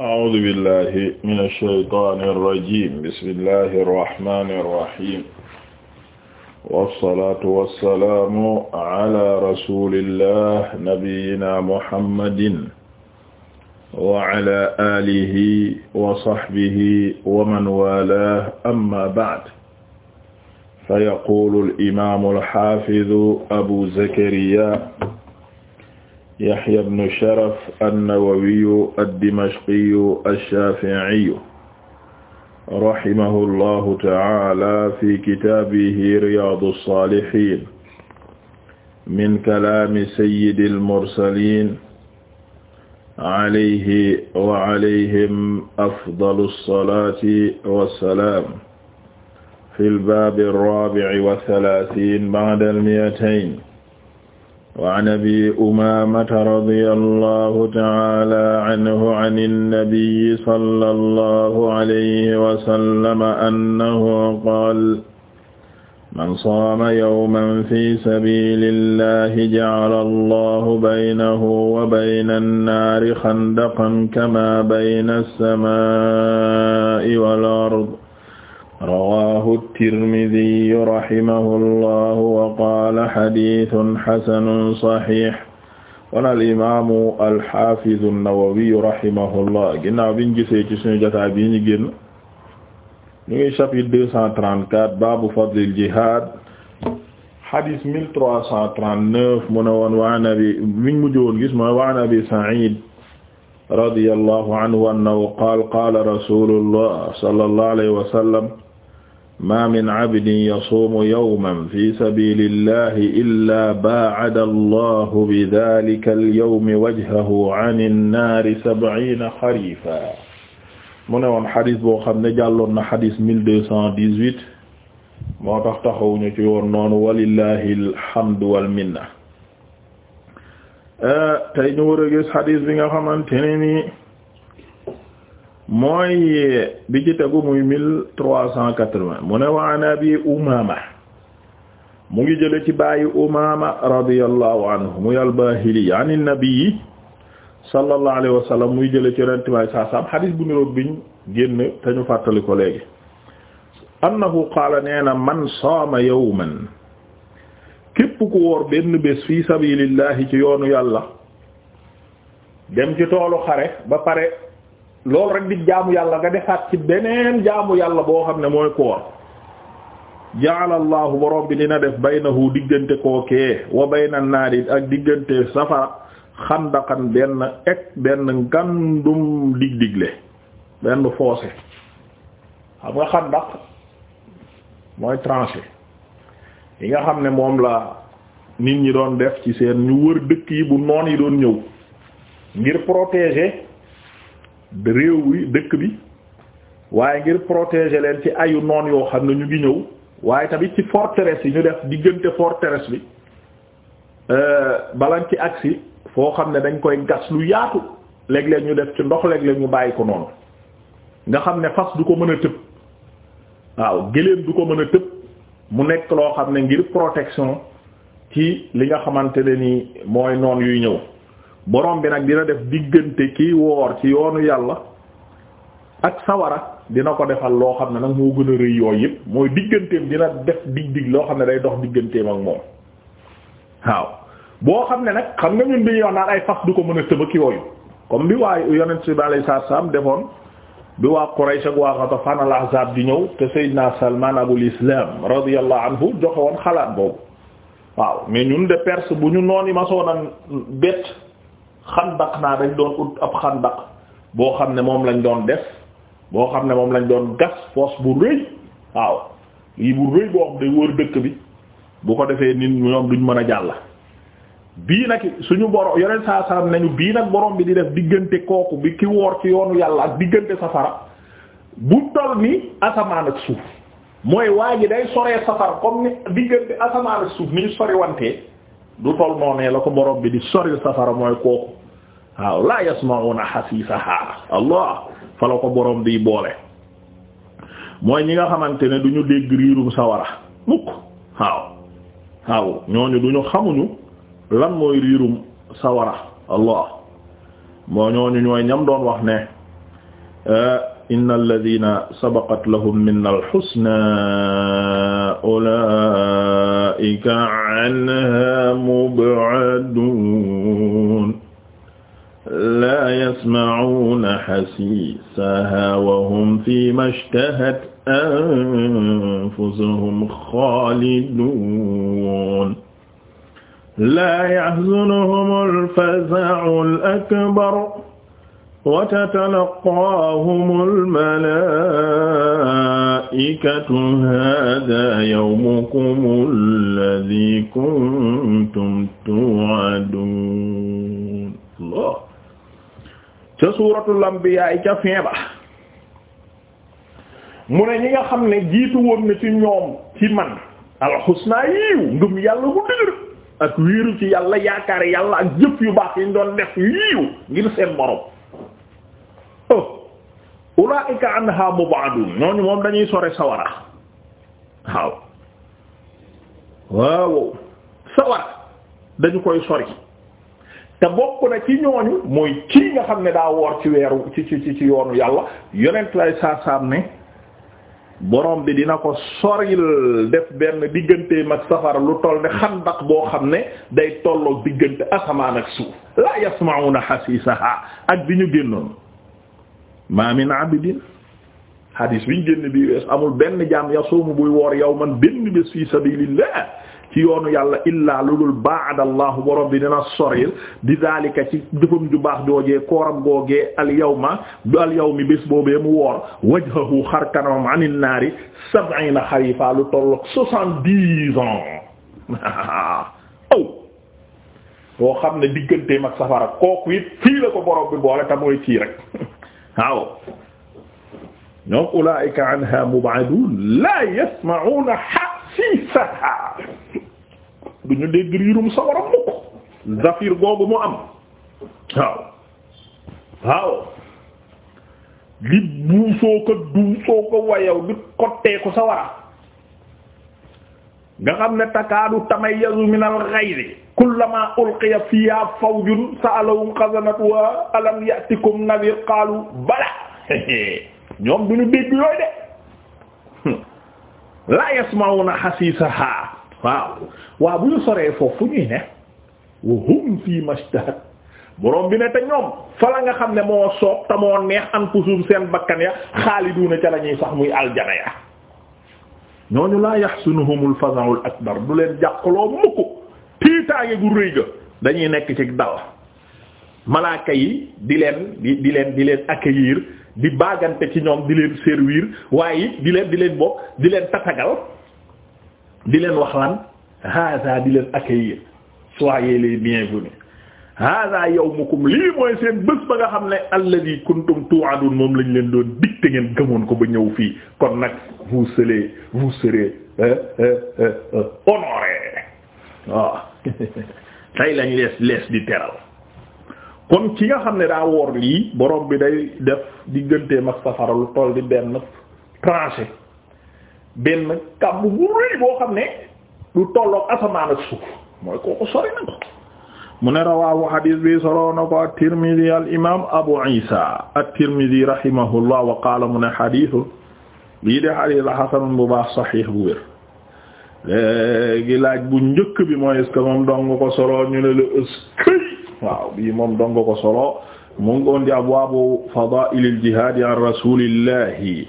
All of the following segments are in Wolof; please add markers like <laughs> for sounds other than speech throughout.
أعوذ بالله من الشيطان الرجيم بسم الله الرحمن الرحيم والصلاة والسلام على رسول الله نبينا محمد وعلى آله وصحبه ومن والاه أما بعد فيقول الإمام الحافظ أبو زكريا Yahya ibn Sharaf an-Nawawiyu ad-Dimashqiyu ash-Shafi'iyu rahimahu llahu ta'ala fi kitaabihi Riyaadu s-Saalihiin min kalaami sayyidil mursaliin alayhi wa alayhim afdalu s-salaati wa s-salaam fil baabi r-raabi'i wa thalaathiin ba'da l-mi'atayn وعن أبي أمامة رضي الله تعالى عنه عن النبي صلى الله عليه وسلم أنه قال من صام يوما في سبيل الله جعل الله بينه وبين النار خندقا كما بين السماء والأرض rawaahu tirmidiyu rahimahullahu wa qaala xadiisun xasanun saxiix wan al imaamu alxaafidu nawawiyu rahimahullah ginnaaw biñ gisee ci suñu jotaay bii ñu génn ñu ngi chapitre deux cent trente quatre baabu fadlil jihaad xadis mille trois cent trente neuf mu ne woon wa an abi miñ mujj woon gis mooy wa an abi Saciid radiyallahu anhu annahu qaala qaala rasuulullah sallallahu alayhi wa sallam ma min cabdin yasuumu yawman fi sabiilillahi illaa baacada allahu bidaalika alyawmi wajhahu cani nnaari sabciina xariifa mu ne woon xadis boo xam ne jàlloon na xadis mille deux cent dix-huit moo tax taxawuñu ci woon noonu walillahi alhamdu walminna tey ñu war a gis xadis bi nga xamante ne nii mooy bi ci tegu muy mille trois cent quatre-vingts mu ne wa an abi umama mu ngi jële ci bàyyi umama radiyallahu anhu muy al-Bahili an an-nabi sallallahu alayhi wa muy jële ci yonent saa saam xadis bu niroog biñ génn te ñu fàttali ko léegi annahu qaala nee man saama yawman képp ku woor benn bés fi sabilillahi ci yoonu yàlla dem ci toolu xare ba pare loolu rek di jaamu yàlla nga defaat ci beneen jaamu yàlla boo xam ne mooy koor ja'ala allahu borom bi dina def baynahu diggante kookee wa bayna naari ak diggante safara xandaqan benn ek benn ngandum dig digle benn fossé xam nga xandaq mooy tranché yi nga xam ne moom la nit ñi doon def ci seen ñu wër dëkk yi bu noon yi doon ñëw ngir protéger réew bi dëkk bi waaye ngir protéger leen ci ayu noon yoo xam ne ñu ngi ñëw waaye tamit ci forteresse yi ñu def diggante forteresse bi euh, balañ ci agsi foo xam ne dañ koy gas lu yaatu léeg-léeg ñu def ci ndox léeg-léeg ñu bàyyi ko noonu nga xam ne fas du ko mën a tëb waaw géléem du ko mën a tëb mu nekk loo xam ne ngir protection ci li nga xamante ne ni mooy noon yuy ñëw borom bi nag dina def diggante ki woor ci yoonu yàlla ak sawara dina ko defal loo xam ne nag moo gën a rëy yooyu yëpp mooy digganteem dina def dig dig loo xam ne day dox digganteem ak moom waaw boo xam ne nag xam nga ñun bi yoon naan ay fas du ko mën a tëbëk yooyu comme bi waaye yonent si ba alay salaam defoon di ñëw te Seydina Salman abul Islam radiyallahu anhu joxe woon xalaat boobu waaw mais ñun de Perse bu ñu noon yi ma soonan bett xandaq naa dañ doon ut ab xandaq boo xam ne moom lañ doon def boo xam ne moom lañ doon gas fosse bu rëy waaw lii bu rëy boo xam day wër dëkk bi bu ko defee nit ñoom duñ mën a jàll bii nag suñu borom yoneen saa salam nañu bii nag borom bi di def diggante kooku bi ki woor ci yoonu yàlla ak diggante safara bu toll ni asamaan ak suuf mooy waa ji day soree safara comme ni diggante asamaan ak suuf ni sori wantee du tol noonee la ko borom bi di soril safara mooy kooku waaw la yasma'una hasiisaha allah fa la ko boroom bi boole mooy ñi nga xamante ne du ñu dégg riirum sawara mukk waaw waaw ñooñu du ñu xamuñu lan mooy riirum sawara allah moo ñooñu ñooy ñam doon wax ne inna alladina sabaqat lahum minna alxusna ulaika anha yasma'uuna hasiisahaa wa hum fiimaa ishtahat anfusuhum xaaliduun laa yahzunuhumul faza'ul akbar wa tatalaqaahumul malaa'ikatu haadaa yawmukumul lazii kuntum tuu'aduun Allah ca suuratul anbiyaa ca fin mu ne ñi nga xam ne jiitu woon na ci ñoom ci man alxusnaa yiiw ngëm yàlla bu dëgër ak wiiru ci yàlla yaakaar yàlla ak jëf yu baax yi ñu doon def yiiw ngir seen borom oh. ulaa'ika anhaa mub'aduun ñooñu moom dañuy sore sawara waaw waaw sawara dañu koy sori te bokk na ci ñooñu mooy kii nga xam ne daa woor ci weeru ci ci ci yoonu yàlla yonent lay saasaam ne borom bi dina ko soril def benn digganteem ak safara lu toll ne xandax boo xam ne day tolloog diggante asamaan ak suuf laa yasma'una hasiisaha ak bi ñu génnoon ma min abidin hadis bi génn bii wees amul benn jaam yasuumu buy woor yow man benn bés fi sabilillah ci yoonu yàlla illaa ludul baadallahu borom bi dina soril bi zalika ci jëfam ju baax joojee kooram googee al yawma du al yawmi bés boobee mu woor wajhahu xar kanamam anin naari sab'ina xarifa lu tolloog soixante-dix ans <laughs> aw boo xam ne digganteem ak safara kooku it fii la ko borom bi boole te mooy fii rek waaw <laughs> ñoom ulaa'ika anha mub'adun la yasma'una hasiisaha du ñu dégg riirum sawara zafir googu mu am waaw waaw li buusoo ko duusoo ko wayaw di xotteeku sawara nga xam ne takaadu tamayyazu min al-ghayri kullama ulqiya fiha fawjun sa'alahum khazanatuha alam ya'tikum nadhir qalu bala <laughs> ñoom du ñu dégg yooyu de <laughs> la yasma'una hasisaha waaw waaw bu ñu soree foofu fu ñuy ne wa hum fii mashtahat borom bi ne te ñoom fa la nga xam ne moo soob te moo neex an pusum seen bakkan ya xaaliduuna ca la ñuy sax muy aljana ya ñooñu laa yaxsunuhumul faza'ul akbar du leen jàqaloo mukk tiitaange gu rëy ga dañuy nekk ci dal malaaka yi di leen di di leen di leen accueillir di baagante ci ñoom di leen servir waaye di leen di leen bokk di leen tatagal di leen wax lan hada di leen accueillir soyez les bienvenus hada yawmukum lii mooy seen bés ba nga xam ne alladhi kuntum tu'adun moom lañu leen doon dig te ngeen gëmoon ko ba ñëw fii kon nag vous serez vous serez euh, euh, euh, honorés waaw <laughs> tey lañ lees lees di teral kon ki nga xam ne daa woor lii borom bi day def digganteem mag safara lu toll di benn tranché benn kàmb bu rëy boo xam ne du tolloog asamaan ak suuf mooy kooku sori na ko mu ne rawaahu xadiis bi soloo na ko at al imam Abu Isa at-Tirmidi rahimahullah wa qaala mu ne xadiisu bii de xadiis la xasanun bu baax saxiix bu wér léegi bu njëkk bi mooy est moom dong ko solo mu ngi di abwaabu fadaa'il al jihaad an rasuulillahi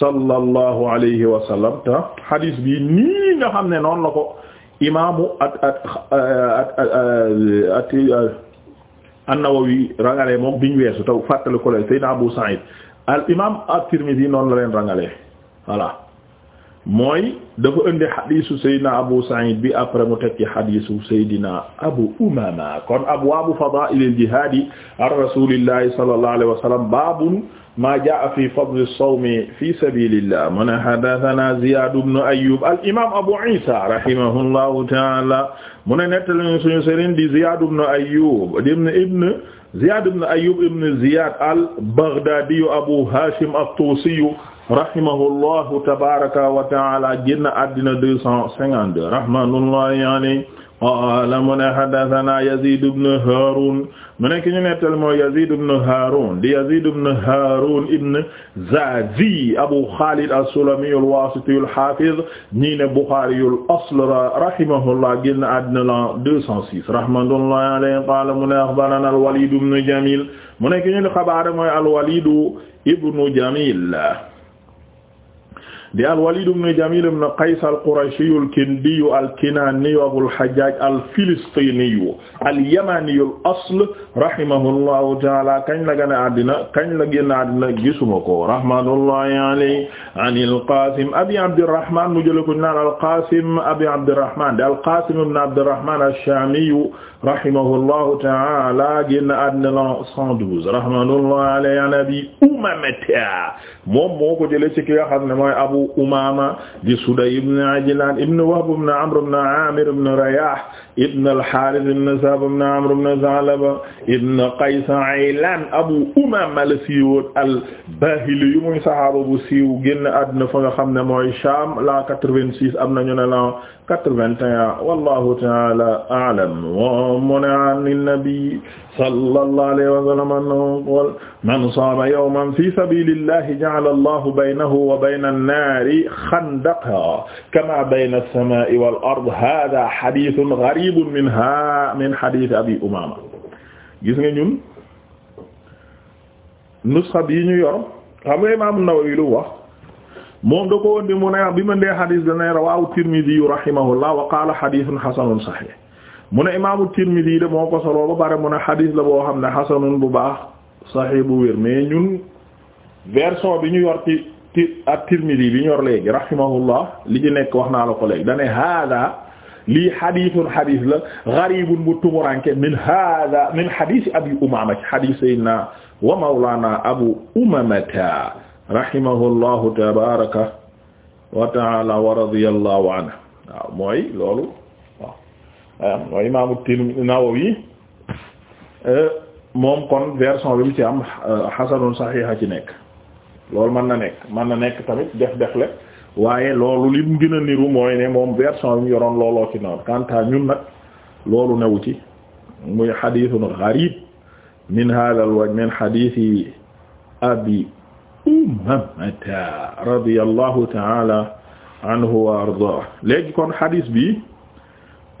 sallallahu alayhi wa sallam te hadis bi nii nga xam ne noonu la ko imaamu at at at an-Nawawi rangalee moom biñ weesu taw fàttali ko lay Seydina Abu Sa'id al imaam at-Tirmidhi noonu la leen rangalee voilà. mooy dafa indi xadiisu Seydina Abu Saïd bi après mu teg ci xadiisu Seydina Abu Umama kon abwaabu fadaa'ilil jihaadi an rasuulillahi sallallahu alayhi wa sallam baabun maa jaa'a fi fadli sawmi fi sabiilillah mu ne haddasanaa Ziyaad ibn Ayyuub al imaam Abu Iisaa rahimahullahu ta'aala mu ne nettali suñu sëriñ di Ziyaad ibn Ayyuub ibn ibn Ziyaad ibn Ayyuub ibn Ziyaad al-Baghdaadiyu Abu Haashim at-Tuusiyu rahimahullahu tabaraka wa taala génn àddina deux cent cinquante deux rahmatullahi alayhi qaala mu ne haddathana Yazid ibn Harun mu ne ki ñu nettal mooy Yazid ibn Harun di Yazid ibn Harun ibn Zazi Abu Khalid as-Sulami al-Wasiti al-Hafiz ñii ne Bukhari al-asl rahimahullah génn àddina la deux cent six rahmatullahi alayhi qaala mu ne akhbarana al-Walid ibn Jamil mu ne ki ñu xabaar mooy al-Walid ibn Jamil di al-Walid ibn Jamil ibn Qays al-Qurashi al-Kindi al-Kinani Abu al-Hajjaj al-Filistini al-Yamani al-asl rahimahullahu ta'ala kañ la gën a addina kañ la génn addina gisuma ko rahmatullahi alayhi an al-Qasim Abi Abdirrahman mu jël ko naan al-Qasim Abi Abdirrahman di al-Qasim ibn Abdirrahman ash-Shami rahimahullahu ta'ala génn addina la 112 rahmatullahi alayhi an Abi Umamata moom moo ko jëlee ci ki nga xam ne mooy Abu Abu Umaama di Suday ibn Ajlaan ibn Wahb ibn Amr ibn Aamir ibn Riyaah ibn al-Haaris ibn Sab ibn Amr ibn Zalaba ibn Qays Aylaan Abu Umaama la siiwoon al-Baahili yu muy saxaaba bu siiw génn àdduna fa nga xam ne mooy Shaam la 86 am nañu ne la 81 wallahu ta'ala a'lam wa man 'an an-nabi sallallahu alayhi wa sallam annahu qala man saama yawman fi sabilillahi ja'ala Allahu baynahu wa bayna an-nas naari xandaqa kama bayna as-samaa'i wal ard haaza hadiisun gariibun min ha min hadiisi Abi Umaama gis nga ñun nusxa bi ñu yor xam nga Imaam An-Nawawi lu wax moom da ko indi mu ne bi ma ndee xadis dana rawaahu Tirmidi rahimahullah wa qaala xadisun xasanun saxiix mu ne imaamu Tirmidi de moo ko soloo ba pare mu ne xadis la boo xam ne xasanun bu baax saxiix bu wér mais ñun version bi ñu yor ci at-Tirmidhi bi ñor léegi rahimahullah li ci nekk wax naa la ko léegi dane hada lii xadiisun xadiis la gariibun bu tumuranke min hada min xadiisi abi umama ci xadiis sayyidina wa mawlana abu umamata rahimahullahu tabaraka wa taala wa radiyallahu anhu waaw mooy loolu waaw mooy imaamu Tirmidhi Nawawi euh, moom kon version bi mu ci am xasanun euh, saxiixa ci nekk loolu mën na nekk mën na nekk tamit def defle waaye loolu li mu gën a niru mooy ne moom version bi mu yoroon looloo ci noonu quant à ñun nag loolu newu ci muy hadithun gharib min hadha al wajh min hadithi abi umamata radiyallahu ta'ala anhu wa ardah léegi kon hadith bi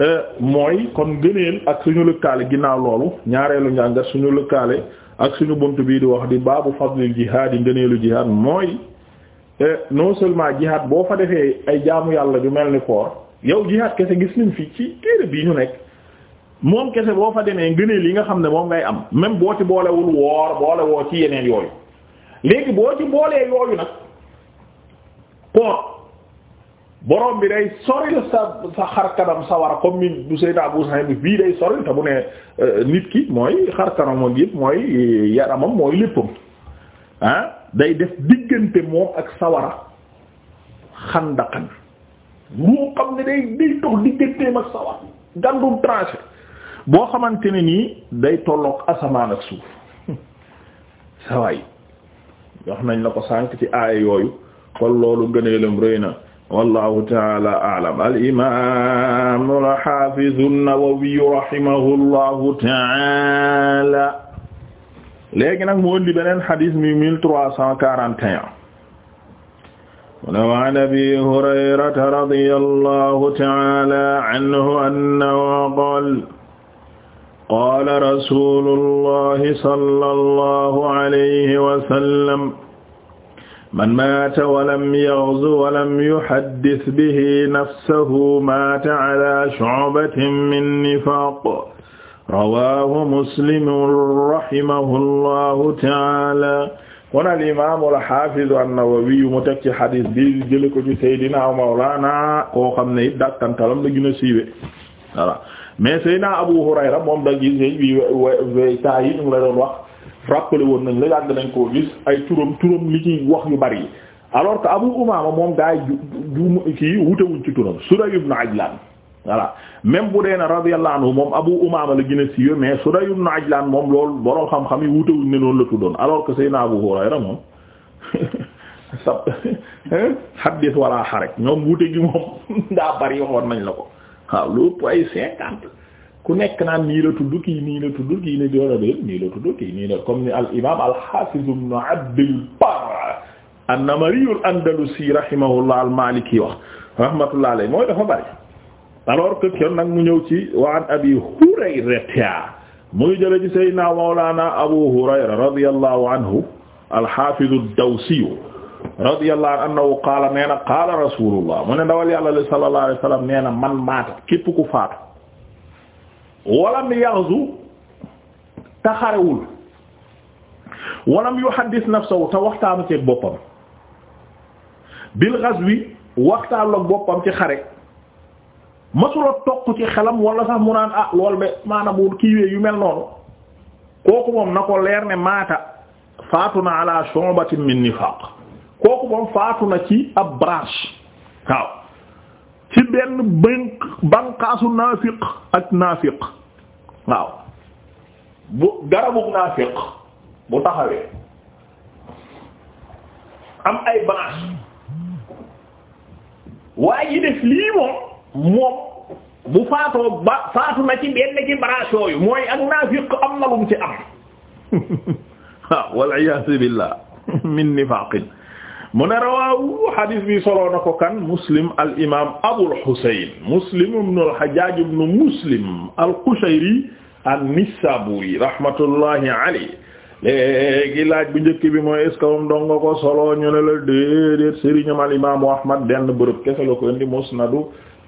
euh, mooy kon gëneel ak suñu lëkkaale ginnaaw loolu ñaareelu njàngat suñu lëkkaale ak suñu bunt bii di wax di baabu fadlil jihaad yi ngëneelu jihaad mooy e, non seulement jihaad boo fa defee ay jaamu yàlla ju mel ni koor yow jihaad kese gis nañ fi ci téere bii ñu nekk moom kese boo fa demee ngëneel yi nga xam ne moom ngay am même boo ci boolewul woor boole woo ci yeneen yooyu léegi boo ci boolee yooyu nag koor borom bi day soril sa sa sawara comme ni du Seydina Abu Sa'id bi bii day soril te bu ne euh, nit ki mooy xar kanamam yëpp mooy yaramam mooy léppam ah day def diggante moom ak sawara xandaqan moo xam ne day day dox digganteem ak sawara gàndum tranché boo xamante ni nii day tolloog asamaan ak suuf <laughs> sawaay wax nañ la ko sànk ci aaya yooyu kon loolu gëneelam rëy na wallahu taala aalam alimamu alhafizu nawawiyu rahimahullahu taala léegi nag mu indi beneen xadis mi mille trois cent quarante et un mu ne waan abi hurayrata radiya allahu taala anhu annahu qaala qaala rasulullahi sallallahu alayhi wa sallam man maata walam yaghzu walam yuhaddis bihi nafsahu maata ala shu'batin min nifaaq rawaahu muslim rahimahullahu ta'aala kon al imaam al haafiz an-Nawawi mu teg ci xadis bi jële ko ci Seydina Mawlaana koo xam ne it dakkantalam la gën a siiwe voilà mais Seydina Abu Hurayra moom da gis bi taay yi ñu ngi la doon wax rappelé woon nañ la yàgg nañ koo gis ay turam turam li ci wax yu bari yi alors que Abu Umaama moom gaa yi ju kii wutewuñ ci turam Suday ibn Ajlan voilà même bu dee na radiyallahu anhu moom Abu Umaama la gën a siiwee mais Suday ibn Ajlan moom loolu borom xam-xam yi wutewuñ ne noonu la tuddoon alors que Seydina Abu Hurayra moom <laughs> sab hadith wala xaraj ñoom wute gi moom <laughs> daa bari waxoon nañ la ko waaw lu ëpp ay cinquante ku nekk naan nii la tudd kii nii la tudd kii nii doona dé nii la tudd kii nii la comme ni al imam al hafiz ibn abdil bar an-namari al andalusi rahimahullah al maliki wax rahmatullah alayhi mooy dafa bari alors que kenn nag mu ñëw ci wa an abi hurayrata mu ngi jële ci sayyidina mawlana abu hurayra radiyallahu anhu al hafiz ad-dawsi radiyallahu anhu annahu qaala nee na qaala rasulullah mu ne ndawal yàlla sallallahu alayhi wasallam nee na man maata képp ku faatu walam yaxzu te xarewul walam yuhaddis nafsahu te waxtaanu ceeg boppam bil ghazwi waxtaan la boppam ci xare masula toq ci xelam wala sax mu naan ah lool be maanaam bu kiiwee yu mel noonu kooku moom na ko leer ne maata faatu na ala shu'batin min nifaq kooku moom faatu na ci ab branche waaw benn bënk banqaasu naafiq ak naafiq waaw bu garabug naafiq bu taxawee am ay branche waa ji def lii moom moom bu faatoo ba faatu na ci benn ci branche yooyu mooy ak naafiq am na lum ci am <laughs> waaw wal iyaazu billaah min nifaaqin mu ne rawaawu hadith bi soloo na ko kan muslim al imaam Abul Husayn muslim ibn al Hajjaj ibn muslim al Qushayri an-Nisaburi rahmatullahi alayhi léegi laaj bu njëkk bi mooy est-ce que moom dong nga ko solo ñu ne la déedéet sëriñam al imaamu Ahmad benn bërëb kese la ko indi musnadu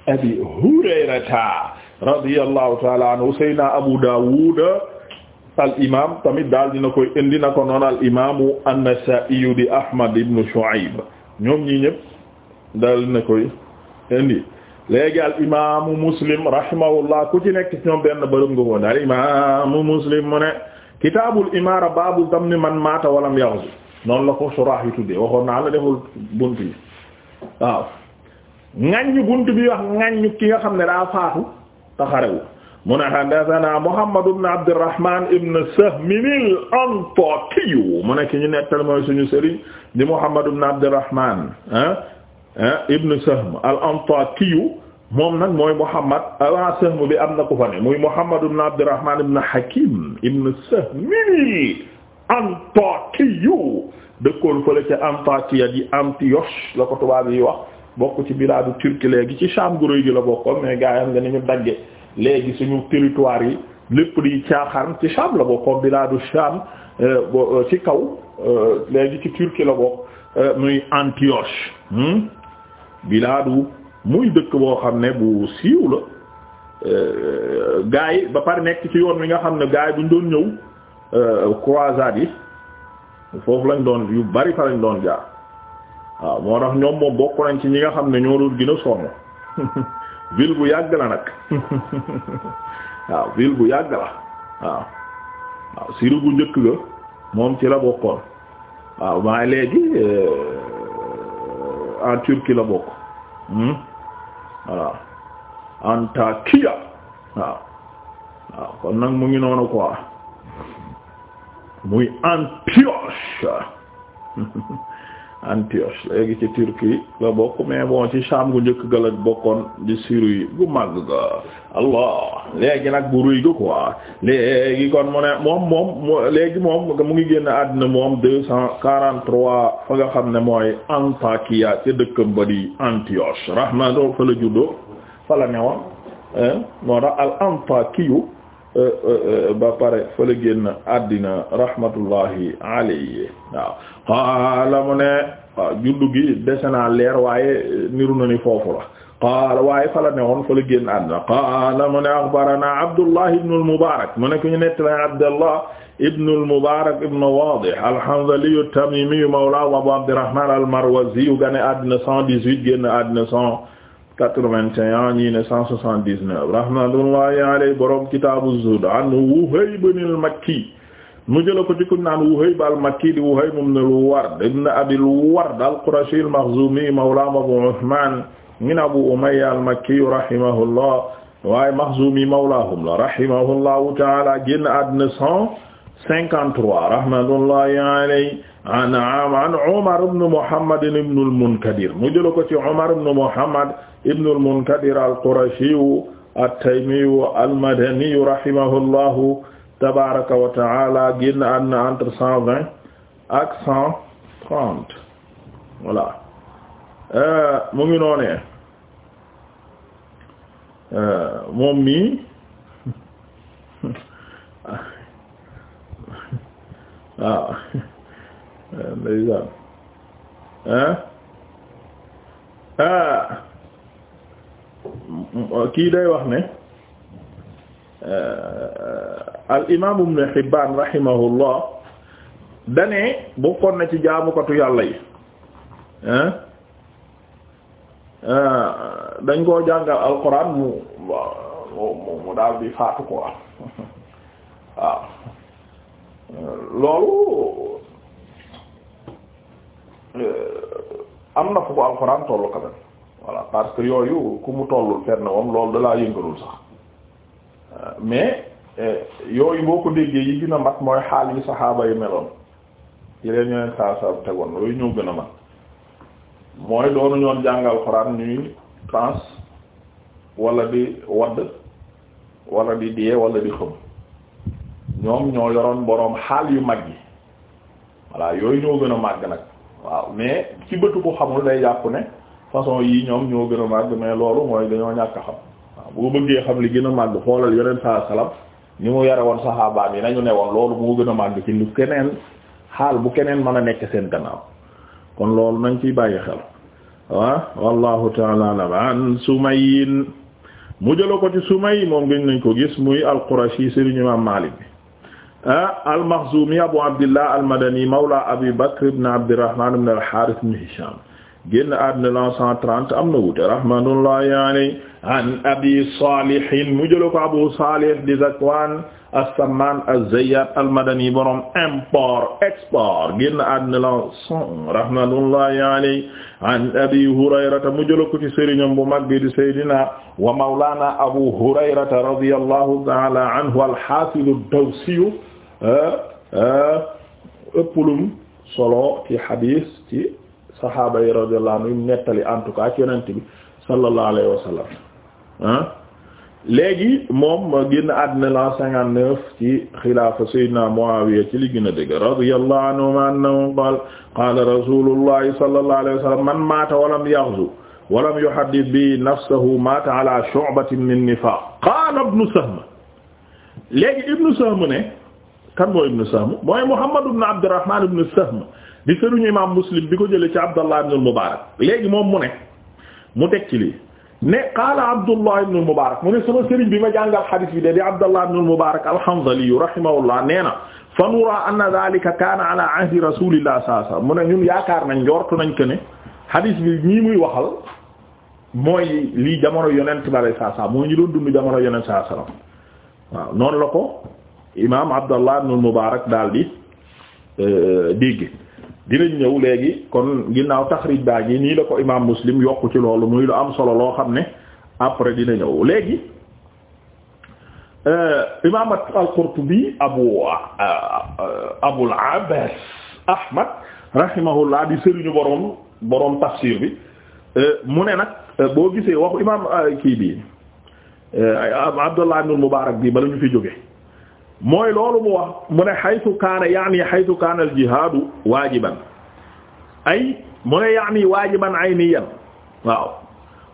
Abi Hurayrata radiyallahu ta'ala anhu Sayyidina Abu Dawud al imaam tamit daal dina koy indi na ko noonu al imaamu an-Nasaa'i di Ahmad ibn Shu'ayb ñoom ñii ñëpp daal dina koy indi léegi al imaamu Muslim rahimahullah ku ci nekk ñoom benn bërëb nga woon al Muslim mu ne kitaabul imaara baabu damni man maata walam yaghzu noonu la ko suraax yi tuddee waxoon naa la deful bunt bi waaw ŋaññu bunt bi wax ŋaññu ki nga xam ne daa faatu taxarewu mu ne haddathana Muhammad ibn Abdurrahman ibn Sahm al-Antaki mu ne ki ñu nettal mooy suñu sëriñ di Muhammad ibn Abdurrahman ah, ah, ibn Sahm al-Antaki moom nag mooy Muhammad ala Sahm bi am na ku fa ne muy Muhammad ibn Abdurrahman ibn Hakim ibn Sahm al-Antaki dëkkoon fële ca Antakiya di Antioche la ko tubaab yi wax bokk ci bilaadu Turki gi ci Sham gu rëy gi la bokkoon mais gaayam nga ni ñu dagge léegi suñu territoire yi lépp di caaxaan ci Sham la bokk comme bilaadu Sham euh, euh, ci kaw euh, léegi ci Turquie la bokk muy Antioche hmm? bilaadu muy dëkk boo xam ne bu siiw la gaay ba pare nekk ci yoon wi nga xam ne gaay buñ doon ñëw croisade yi foofu lañ doon yu bari fa lañ doon jaar waaw moo tax ñoom moom bokk nañ ci ñi nga xam ne ñoo doon gën a sonn <laughs> ville bu yàgg la nag <laughs> waaw bu yàgg la waaw waaw siru bu njëkk ga moom ci la bokkoon waaw maa léegi euh, en Turquie la bokk hmm? voilà Antakya waaw waaw kon nag mu ngi noonu quoi muy Antioche <laughs> Antioche léegi ci Turquie la bokk mais bon ci Sham gu njëkk ga la bokkoon di Syrie gu màgg ga Allah léegi nag bu ruy ga quoi léegi kon mu ne moom moom léegi moom mu ngi génn àddina moom deux cent quarante-trois fa nga xam ne mooy Antakiya ca dëkkam ba di Antioche rahmatullahi fa la juddoo fa la newoon moo tax al Antakiyu Euh, euh, euh, ba pare fële génn àddina rahmatullahi alayhi waaw qaala mu ne juddu gi dese naa leer waaye niru na ni foofu la qaala waaye fala ne woon fële génn àddina qaala mu ne axbarana Abdullah ibn al-Mubarak mu ne ku ñu nettala Abdullah ibn al-Mubarak ibn Wadih al-Hanzali at-Tamimi mawla Abu Abdirrahman al-Marwazi gane àddina 118 génn àddina 100 quatre-vingt-un ñii ne cent soixante-dix-neuf rahmatullahi alayhi borom kitaabu zuhd an Wuhayb al-Makki mu jëla ko ci kuñ naan Wuhayb al-Makki di Wuhayb ibn al-Ward ibn Abi al-Ward al-Qurashi al-Makhzumi mawla Abu Uthman min Abu Umayya al-Makki rahimahullah waaye Makhzumi mawlahum la rahimahullahu ta'ala génn àddina 53 rahmatullahi alayhi an an Umar ibn Muhammad ibn al-Munkadir mu jël ko ci Umar ibn Muhammad ibn al-Munkadir al-Qurashi at-Taymi al-Madani rahimahullahu tabaraka wa taala génn àddina entre 120 ak 130 voilà euh, mu ngi noonee euh, moom mi waaw ah. <laughs> ndeysaan ah. kii day wax ne euh, al imaam ibn Hibbaan rahimahullah dane bokkoon na ci jaamukatu yàlla yi ah. dañ koo jàngal alquran mu mu mu daal di faatu quoi waaw <laughs> loolu euh, am na fu ko alxuraan tollu quand même parce que yooyu ku mu tollul fenn moom loolu dalaa yëngalul sax euh, mais euh, yooyu boo ko déggee yi gën a mat mooy xaal yi saxaaba yi meloon yi leen ñoo saa saa tegoon yooyu ñoo gën a mat mooy doonu ñoon jàng alxuraan ñuy trans wala di wadd wala di dee wala di xëm ñoom ñoo yoroon boroom xaal yu mag yi voilà yooyu ñoo gën a màgg nag waaw mais ci bëtu bu xamul day jàpp ne façon yii ñoom ñoo gën a màgg mais loolu mooy dañoo ñàkk a xam waaw boo bëggee xam li gën a màgg xoolal yeneen saa salam ni mu yare woon saxaabaam yi nañu ne woon loolu moo gën a màgg ci lu keneen xaal bu keneen man a nekk seen gannaaw kon loolu nañ ciy bàyyi xel waaw ah, wallahu taala alam an Sumayyin mu jëla ko ci Sumay moom gën nañ ko gis muy al-Qurashi Ah, al-Makhzumi Abu Abdillah al-Madani mawla Abi Bakr ibn Abdirrahman ibn al-Harith ibn Hisham génn àddina la 130 am na wuute rahmatullahi alayhi an Abi Salih mu jël ko Abu Salih di Zakwan as-Samman az-Zayyat al-Madani borom import export génn àddina la 100 rahmatullahi alayhi an Abi Hurayrata mu jël ko ci sëriñam bu mag bi di Seydina wa mawlana Abu Hurayrata radiyallahu ta'ala anhu al-Hafiz ad-Dawsi Euh, euh, ëpp lum solo ci xadiis ci saxaaba yi radiyallahu anhu nettali en tout cas ci yonent bi sallallahu alayhi wa sallam ah léegi moom génn àddina la cinquante-neuf ci xilaafa sayyidina Muawiya ci li gën a dëgg radiyallahu anhu annahu qaala qaala rasulullahi sallallahu alayhi wa sallam man maata walam yaghzu walam yuhaddith bi nafsahu maata ala shu'batin min nifaaq qaala ibnu Sahm léegi ibnu Sahm ne kan mooy ibn Sahm mooy Muhammad ibn Abdurrahman ibn Sahm di sëriñu imaam Muslim bi ko jëlee ci Abdallah ibn al-Mubarak léegi moom mu ne mu teg ci lii ne qaala Abdullah ibn al-Mubarak mu ne sama bi ma jàngal xadiis bi de di Abdallah ibn al-Mubarak al-Hanzali nee na fa nuraa anna dhalika kaana ala ahdi rasulillah sallallahu alayhi wasallam mu yaakaar nañ njortu nañ ko ne xadiis bi ñii muy waxal mooy lii jamono yonent bi sallallahu alayhi wasallam mooy ñu doon dund jamono yonent sallallahu alayhi wasallam waaw noonu la ko imaam Abdallah ibn Mubarak daal di euh, dégg dinañ ñëw léegi kon ginnaaw taxrij baa ngi nii la ko imaam Muslim yokk ci loolu muy lu am solo loo xam ne après dina ñëw léegi euh, imaam al-Qurtubi Abu euh, Abul Abbas Ahmad rahimahullah di sëriñu boroom boroom tafsir bi mu ne nag boo gisee waxu imaam kii bi Abdallah ibn Mubarak bi bala ñu fi jóge mooy loolu mu wax mu ne haythu kaana yaani haythu kaana al jihaadu waajiban ay mu ne yaani waajiban ayniyan waaw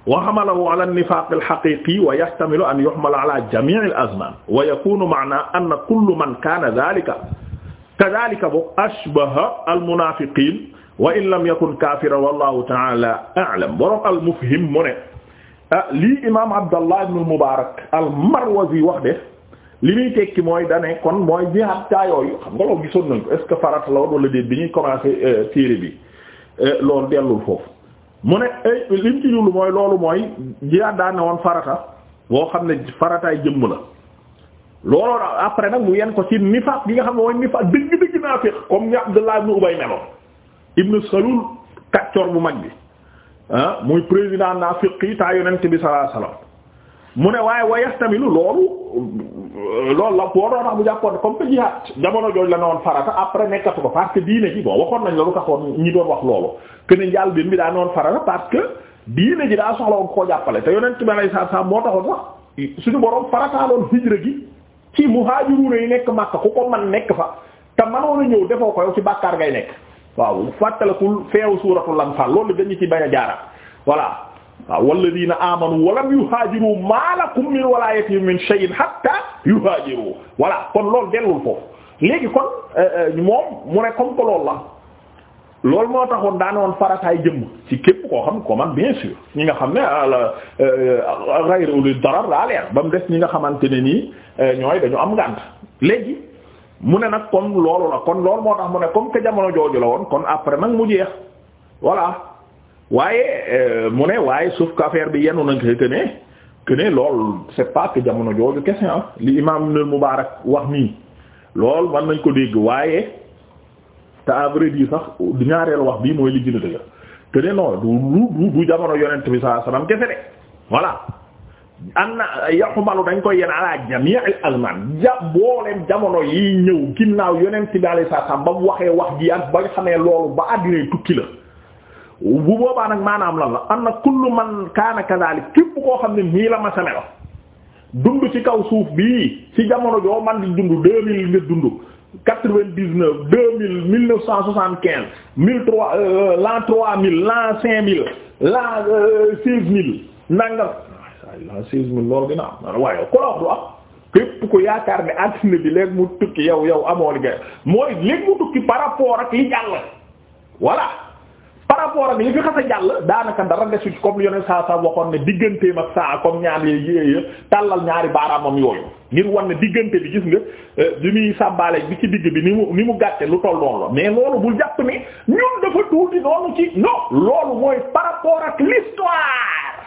wa hamalahu ala an-nifaaq al-haqiiqi wa yahtamilu an yuhmala ala jamii' al-azmaan wa yakuunu ma'naa anna kulla man kaana dhaalika kadhaalika ashbaha al-munaafiqiin wa in lam yakun kaafiran wallaahu ta'aalaa a'lam borom al-mufhim mu ne ah lii imaam Abdallah ibn al-Mubaarak al-Marwazi wax de li muy tekki mooy dane kon mooy jihaad taa yooyu xam nga loolu gisoon nañ ko est-ce que farat la woon wala déet bi ñuy commencé euh, téere bi euh, loolu dellul foofu mu ne euh, li mu ci jublu mooy loolu mooy jihaad daa woon farata boo xam ne farataay jëmm la looloo après nag mu yen ko ci nifaq bi nga xam ne mooy nifaq dëgg-dëgg naafiq comme ni Abdullah ibn Ubay meloon ibn Salul kàccor bu mag bi ah muy président naafiq yi taa yonent bi sallallahu mu ne waaye wa yastamilu loolu loolu la boo doon wax bu jàppoon comme que jihaad jamono la ne woon farata après nekkatu ko parce que diine ji bon waxoon nañ la lu taxoon ñi doon wax loolu que ne njaal bi mi daa ne woon farata parce que diine ji daa soxla woon koo jàppale te yonent bi alayhi salaam moo taxoon sax suñu borom farataaloon hijra gi ci muhaajiruun yi nekk Makka ku ko man nekk fa te mënoon a ñëw defoo ko yow ci bàkkaar ngay nekk waaw fàttalikul feewu lan Anfaal loolu dañu ci bañ a jaaraat voilà. waaw walladina amanu walam yuhaajiru ma lakum min wilaayatihim min shay'in hatta yuhaajiru voilà kon loolu dellul foofu léegi kon euh, euh, moom mu ne comme que loolu la loolu moo taxoon woon farataay jëmm ci képp koo xam ko man bien sûr ñi nga xam ne ah, euh, ghayru ulil darar laa leer ba mu des ñi nga xamante ne nii ñooy dañu am ngànt léegi mu ne nag kon loolu la kon loolu moo tax mu ne comme que jamono jooju la woon kon après nag mu jeex voilà waaye euh, mu ne waaye sauf qu'affaire bi yenu nañ que ne que lool c'est pas que jamono jooju kese ah li imaam Ibn Mubarak wax nii lool mën nañ ko dégg waaye te à vrai dire sax di ñaareelu wax bii mooy li gën a dëgg que du du jamono yonent bi saa salaam kese de voilà. am na yaxumalu dañ koy yen ala jamii alman ja booleen jamono yi ñëw ginnaaw yonent bi alayhi salaam ba mu waxee wax ji ak ba nga xamee loolu ba àddina tukki la. bu boobaa nag maanaam lan la na kullu man kaana kadhalik képp koo xam ne nii la ma sa melo dund ci kaw suuf bii ci jamono joo man di dund deux mille nga dund quatre-vingt-dix-neuf deux mille mille neuf cent soixante-quinze mille trois euh, l'an trois mille l'an cinq mille l'an euh, seize mille nangam l'an dina am la wax du am képp ko yaakaar ne àddina bi léegi mu tukki yow yow amoon nga mooy léegi mu tukki par rapport ak li jàll voilà par rapport ak li fi xas a jàll daanaka dara desu ci comme yoneen saa saa waxoon ne digganteem ak saa comme ñaar yooyu tàllal ñaari baaraamam yooyu ngir wan ne diggante bi gis nga li eh, muy sàbbaale bi ci digg bi ni mu ni mu gàtte lu toll noonu la mais loolu bul jàpp ni ñun dafa tuuti noonu ci non loolu mooy par rapport ak l'histoire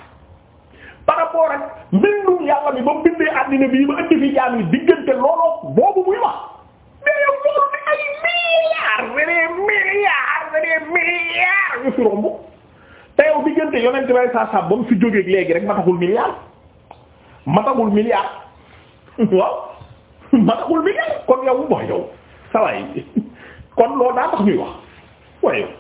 par ak mbindum yàlla mi ba bindee àddina bi ba indi fi jaam diggante looloo boobu muy wax. mais yow loolu bi ay milliards da dee milliards da dee milliards yu fi romb te yow diggante yonent bay saa saa ba mu fi jógeeg léegi rek matagul milliards matagul milliards waaw matagul milliards kon yow mooy yow saa waay kon loolu daa tax ñuy wax waaye.